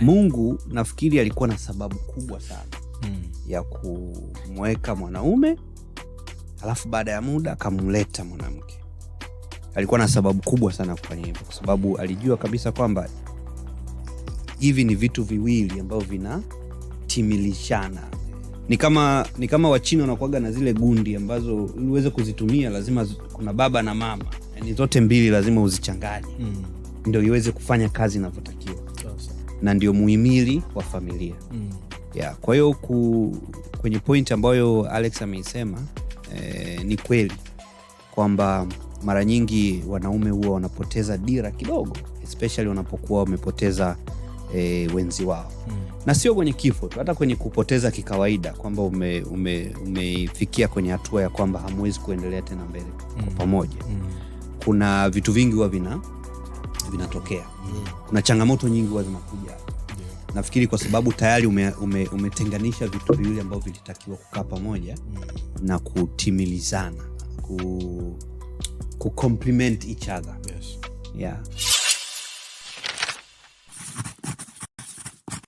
Mungu nafikiri alikuwa na sababu kubwa sana mm. ya kumweka mwanaume alafu baada ya muda akamleta mwanamke. Alikuwa na sababu kubwa sana ya kufanya hivyo, kwa sababu alijua kabisa kwamba hivi ni vitu viwili ambavyo vinatimilishana. Ni kama ni kama Wachina wanakuaga na zile gundi ambazo ili uweze kuzitumia lazima kuna baba na mama, ni yaani zote mbili lazima uzichanganye mm. ndo iweze kufanya kazi inavyotakiwa na ndio muhimili wa familia mm. yeah, kwa hiyo ku, kwenye point ambayo Alex ameisema eh, ni kweli kwamba mara nyingi wanaume huwa wanapoteza dira kidogo especially wanapokuwa wamepoteza e, wenzi wao hmm. na sio kwenye kifo tu hata kwenye kupoteza kikawaida kwamba umeifikia ume, ume kwenye hatua ya kwamba hamwezi kuendelea tena mbele hmm. kwa pamoja hmm. kuna vitu vingi huwa vinatokea mm. kuna changamoto nyingi huwa zinakuja yeah. nafikiri kwa sababu tayari ume, ume, umetenganisha vitu viwili ambavyo vilitakiwa kukaa pamoja mm. na kutimilizana ku, ku each other yes. yeah.